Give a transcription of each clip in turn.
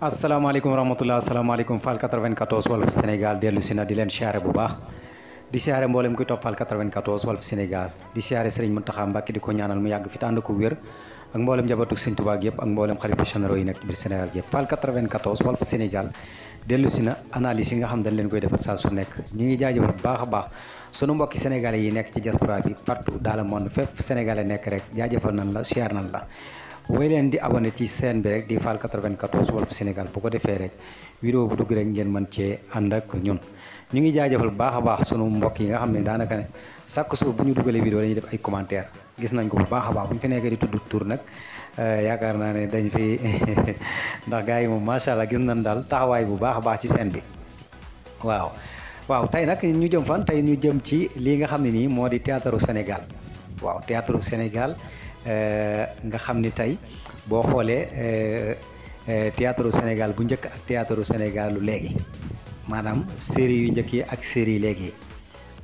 asalaamaaleykum wa rahmatulah asalaamaaleykum Fall 94 Walf Sénégal dellu si na di leen siyaare bu baax di siyaare mboolem kuy topp Fall 94 Walf Sénégal di siyaare Serigne Mountakha Mbacké di ko ñaanal mu yàgg fi te ànd ko wér ak mboolem njabootu Serigne Touba ak yëpp ak mboolem xalifa généraux yi nekk ci biir Sénégal yëpp Fall si na analyse yi nga xam dañ leen koy defal saa su nekk ñu ngi jaaja bu baax a baax sunu mbokki sénégalais yi nekk ci diaspora bi partout dans le monde fépp sénégalais nekk rek jaajëfal nañ la siyaar nañ la. woy leen di abonné ci chaîne bi rek di Fall 94 Walf Sénégal bu ko defee rek vidéo bu dugg rek ngeen man cee ànd ak ñun ñu ngi jaajëfal bu baax a baax sunu mbokk yi nga xam ne daanaka ne chaque jour bu ñu dugalee vidéo dañuy def ay commentaire gis nañ ko bu baax a baax bu ñu fi nekkee di tudd tur nag euh, yaakaar naa ne dañ fi ndax gars yi moom macha allah gis nañ daal taxawaay bu baax a baax ci seen bi waaw waaw tey nag ñu jëm fan tey ñu jëm ci lii nga xam ne nii moo di théâtre Sénégal waaw théâtre Sénégal Euh, nga xam ni tey boo xoolee euh, euh, théâtre Sénégal bu njëkk ak théâtre Sénégal lu léegi maanaam série yu njëkk yi ak série léegi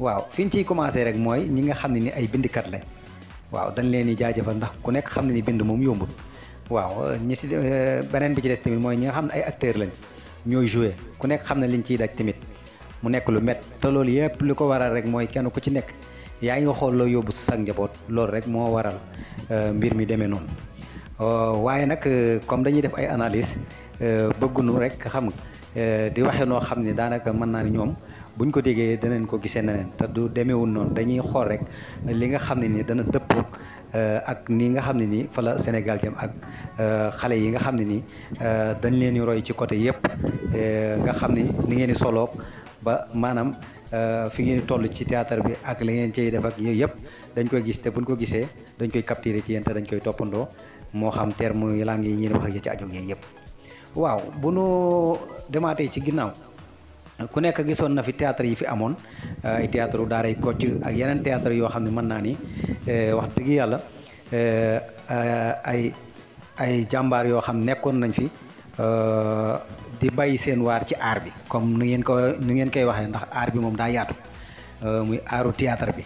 waaw fi ñu ciy commencé rek mooy ñi nga xam ne ni ay bindkat lañ waaw dañ leen di jaajëfal ndax ku nekk xam ne ni bind moom yombul waaw ñi si beneen bi ci des tamit mooy ñi nga xam ne ay acteurs lañ ñooy joué ku nekk xam ne liñ ciy daj tamit mu nekk lu met te loolu yëpp li ko waral rek mooy kenn ku ci nekk yaa ngi xool loo yóbbu sa njaboot loolu rek moo waral euh, mbir mi demee noonu euh, waaye nag euh, comme dañuy def ay analyse bëggunu rek xam nga di waxe noo xam ne daanaka mën naa ne ñoom buñ ko déggee danañ ko gisee neneen te du demeewul noonu dañuy xool rek li nga xam ne ni dana dëpp ak nii nga xam ne nii fa la Sénégal jëm ak xale yi nga xam ne nii dañ leen roy ci côté yëpp nga xam ni ni ngeen ba maanaam euh, fi ngeen toll ci théâtre bi ak li ngeen ciy def ak yooyu yëpp dañ koy gis te buñ ko gisee dañ koy capturer ci yéen dañ koy toppandoo moo xam terme yi laa yi ñuy wax ak yi ci aju yooyu yëpp. waaw bu nu demaatee ci ginnaaw ku nekk gisoon na fi théâtre yi fi amoon euh, ay théâtre daaray Kocc ak yeneen théâtre yoo xam ne mën naa ni euh, wax dëgg yàlla ay ay jàmbaar yoo xam nekkoon nañ fi. di bàyyi seen waar ci aar bi comme nu ngeen ko nu ngeen koy waxee ndax aar bi moom daa yaatu euh, muy aaru théâtre bi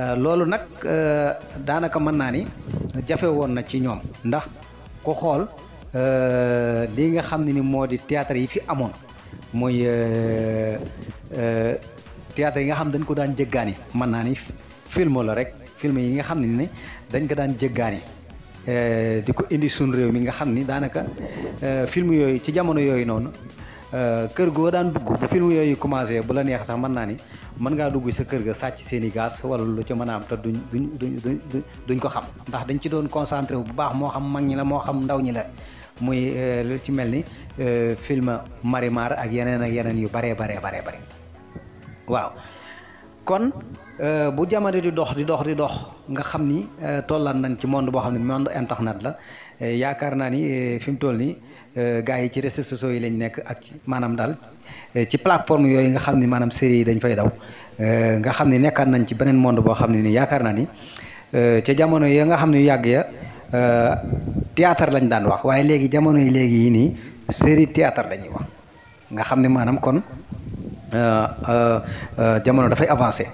euh, loolu nag euh, daanaka mën naa ni jafe woon na ci ñoom ndax ku xool lii nga xam ne ni moo di théâtre yi fi amoon muy théâtre yi nga xam dañ ko daan jëggaani mën naa ni film la rek film yi nga xam ne ni dañ ko daan jëggaani Eh, di ko indi suñ réew mi nga xam ni daanaka eh, film yooyu ci jamono yooyu noonu eh, kër goo daan dugg bu film yooyu commencé bu la neex sax mën naa ni mën ngaa dugg sa kër ga sàcc seen i gaz lu ci mën a am te duñ duñ duñ duñ ko xam ndax dañ ci doon concentré wu bu baax moo xam mag ñi la moo xam ndaw ñi la muy lu ci mel ni film Marimar ak yeneen ak yeneen yu baree baree baree bare waaw kon euh, bu jamono di dox di dox di dox nga xam ni euh, tollaan nañ ci monde boo xam ne monde internet la euh, yaakaar naa ni fi mu toll nii gars yi ci réseaux sociaux yi lañ nekk ak maanaam daal ci plateforme yooyu nga xam ni maanaam série yi dañ fay daw nga xam ni nekkaat nañ ci beneen monde boo xam ne nii yaakaar naa ni ca jamono ya nga xam ne yàgg ya théâtre lañ daan wax waaye léegi jamono yi léegi yi nii série théâtre la wax nga xam ne maanaam kon Euh, euh, euh, jamono dafay avancé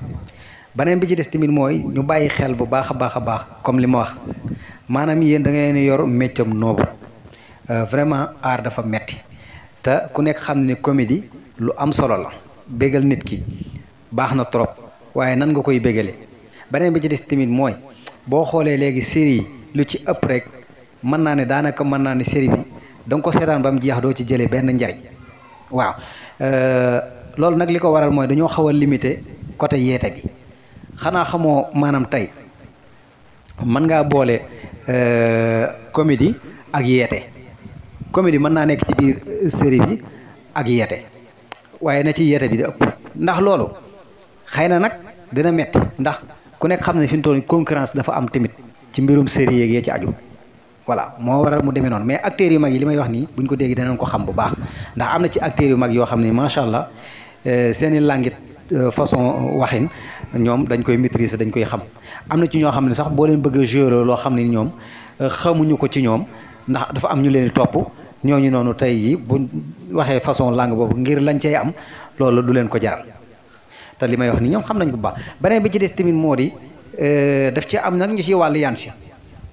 beneen bi ci des tamit mooy ñu bàyyi xel bu baax a baax a baax comme li ma wax maanaam yéen da ngeen yor métier am noobu vraiment aar dafa metti te ku nekk xam ne comédie lu am solo la bégal nit ki baax na trop waaye nan nga koy bégalee beneen bi ci des tamit mooy boo xoolee léegi série yi lu ci ëpp rek mën naa ne daanaka mën naa ne série bi da ko seetaan ba mu jeex doo ci jëlee benn njariñ waaw euh, loolu nag li ko waral mooy dañoo xaw a limité côté yeete bi xanaa xamoo maanaam tey mën ngaa boole euh, comédie ak yeete comédie mën naa nekk ci biir euh, série bi ak yeete waaye na ci yeete bi di ëpp ndax loolu xëy na nag dina metti ndax ku nekk xam ne fi mu toll concurrence dafa am tamit ci mbirum série yeeg yee ci aju voilà moo waral mu demee noonu mais acteurs yu mag yi li may wax nii buñ ko déggee danañ ko xam bu baax ndax am na ci acteurs yu mag yoo xam ne macha allah euh, seen i langit euh, façon euh, waxin ñoom dañ koy maîtriser dañ koy xam am na ci ñoo xam ne sax boo leen bëgg a jouer loo xam ne ñoom xamuñu ko ci ñoom ndax dafa am ñu leen di topp ñooñu noonu tey yi bu waxee façon langue boobu ngir lañ cay am loolu du leen ko jaral te li may wax ni ñoom xam nañ bu baax beneen bi ci des tamit moo di daf ci am nag ñu ciy wàllu yaan si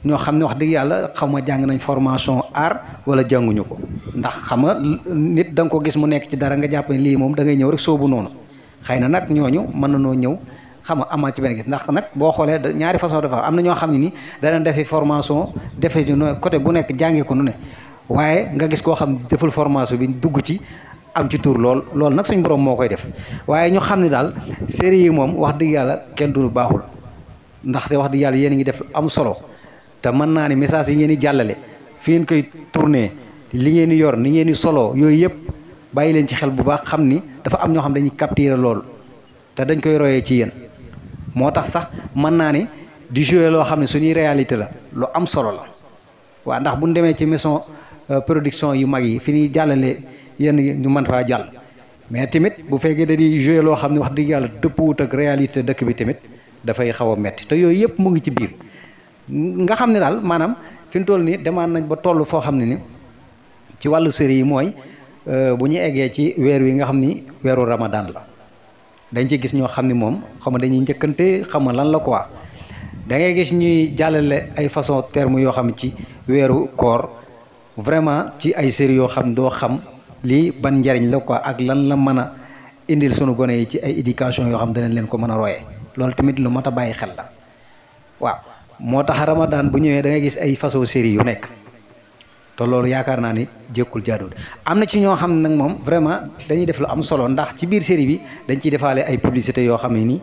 ñoo xam ne wax dëgg yàlla xaw ma jàng nañ formation art wala jànguñu ko ndax xam nga nit da ko gis mu nekk ci dara nga jàpp lii moom da ngay ñëw rek soobu noonu xëy na nag ñooñu mën nañoo ñëw xam nga amaat ci benn gis ndax nag boo xoolee ñaari façon dafa am na ñoo xam ne ni danañ defi formation defee ñu ne côté bu nekk jàngee ko nu ne waaye nga gis koo xam deful formation bi dugg ci am ci tur lool loolu nag suñ borom moo koy def waaye ñu xam ne daal série yi moom wax dëgg yàlla kenn du baaxul ndaxte wax dëgg yàlla yéen a ngi def am solo te mën naa ni message yi ngeen di jàllale fi ngeen koy tourné li ngeen di yor ni ngeen di solo yooyu yëpp bàyyi leen ci xel bu baax xam ni dafa am ñoo xam dañuy capturer loolu te dañ koy royee ci yéen moo tax sax mën naa ni di jouer loo xam ne suñuy réalité la lu am solo la waaw ndax bu ñu demee ci maison euh, production yu mag yi fi ñuy jàllale yéen ñu mën faa jàll mais tamit bu fekkee dañuy jouer loo xam ne wax dëgg yàlla wut ak réalité dëkk bi tamit dafay xaw a metti yooyu yëpp mu ngi ci biir nga xam ne daal maanaam fi mu toll nii demaan nañ ba toll foo xam ne ni ci wàllu série yi mooy euh, bu ñu eggee ci weer wi nga xam ni weeru ramadan la dañ ci gis ñoo xam ni moom xam nga dañuy njëkkante xam nga lan la ko da ngay gis ñuy jàllale ay façon terme yoo xam ci weeru koor vraiment ci ay série yoo xam doo xam lii ban njariñ la quoi ak lan la mën a indil sunu gone yi ci ay éducation yoo xam danañ leen ko mën a royee loolu tamit lu mat a bàyyi xel la waaw moo tax Ramadan bu ñëwee dangay gis ay façon série yu nekk te loolu yaakaar naa ni jékkul jaaduwul am na ci ñoo xam ne nag moom vraiment dañuy def lu am solo ndax ci biir série bi dañ ciy defaale ay publicité yoo xam ne nii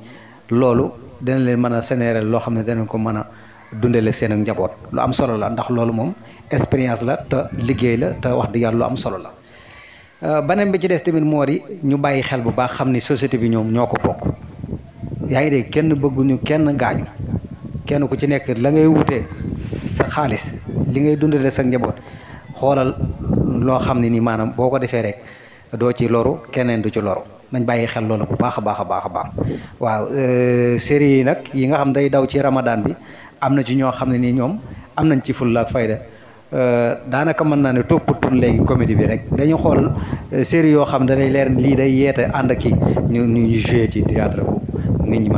loolu dana leen mën a sénéral loo xam ne danañ ko mën a dundale seen njaboot lu am solo la ndax loolu moom expérience la te liggéey la te wax dëgg yàlla lu am solo la. Euh, beneen bi ci des tamit moo yi ñu bàyyi xel bu baax xam ni société bi ñoom ñoo ko bokk yaa ngi dégg kenn bëgguñu kenn gaañu kenn ku ci nekk la ngay wutee sa xaalis li ngay dundale sa njaboot xoolal loo xam ne nii maanaam boo ko defee rek doo ci loru keneen du ci loru nañ bàyyi xel loolu bu baax a baax a baax a baax waaw euh, série yi nag yi nga xam day daw ci ramadaan bi am na ci ñoo xam ne nii ñoom am nañ ci fulla ak fayda euh, daanaka mën naa ne toppatul léegi comédie bi rek dañu xool euh, série yoo xam danay leer lii day yeete ànd ak kii ñu ñu joué ci théâtre bu nit ñi